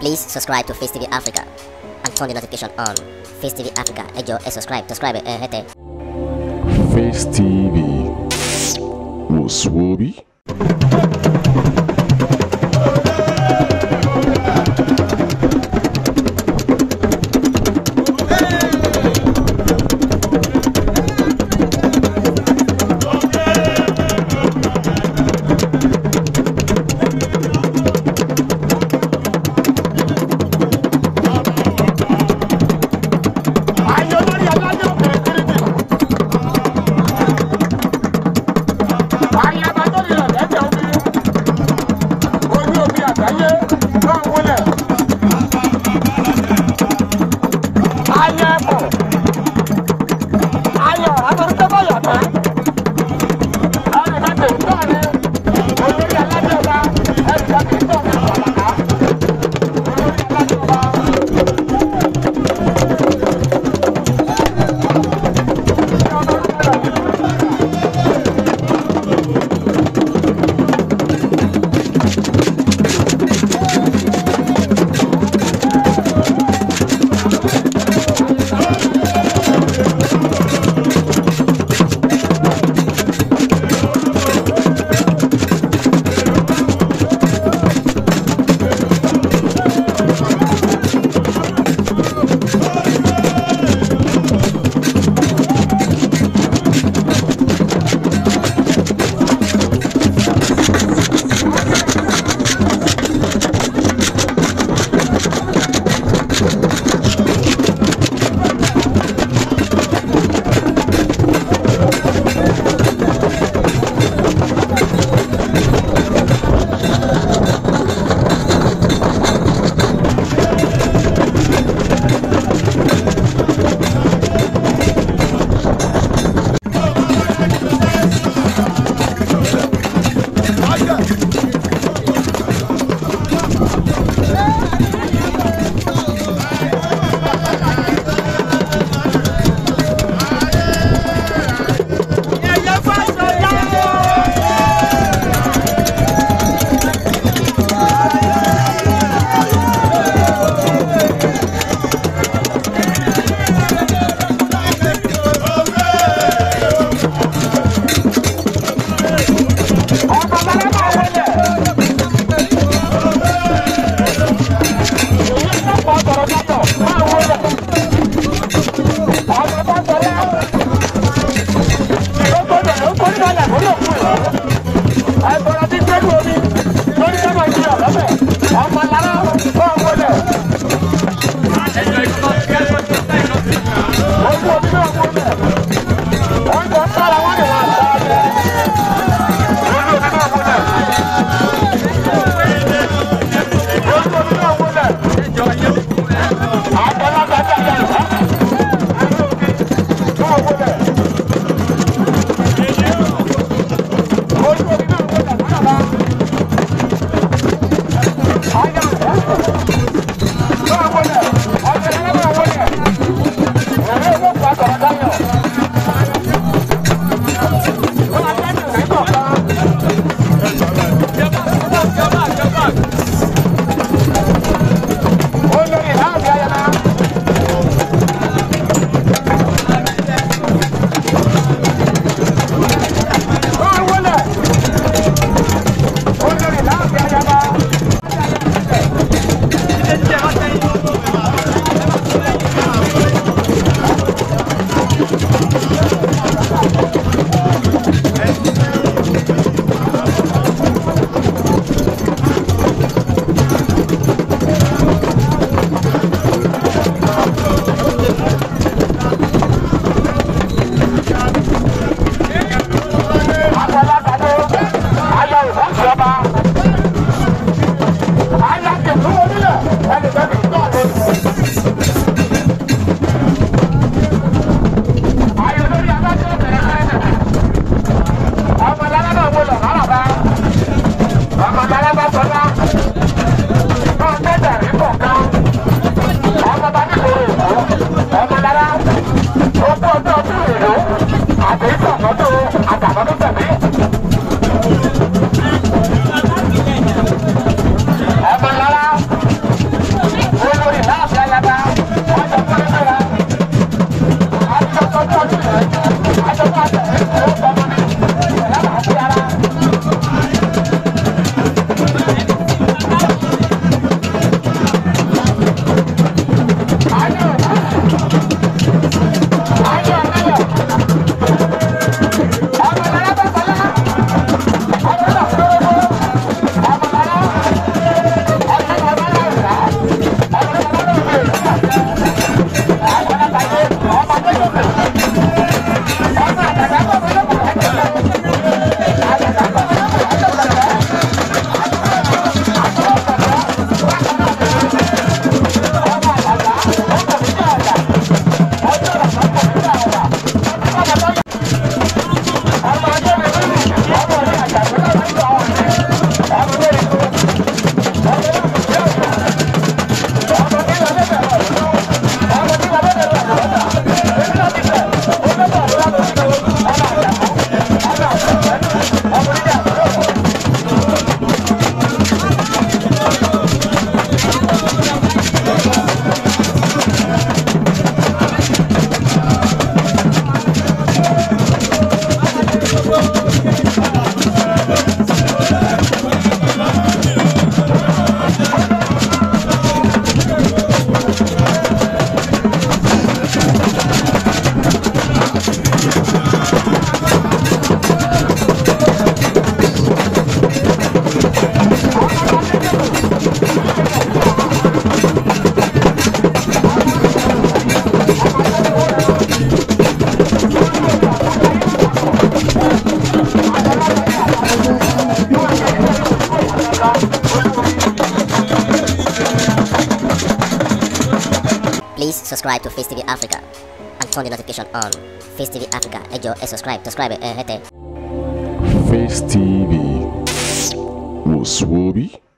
Please subscribe to Face TV Africa and turn the notification on. Face TV Africa, ejo, e subscribe, subscribe, eh, hete. Face TV, Muswobi. Please subscribe to Face TV Africa and turn the notification on. Face TV Africa, ejo, eh, subscribe, subscribe, eh, hete. Face TV was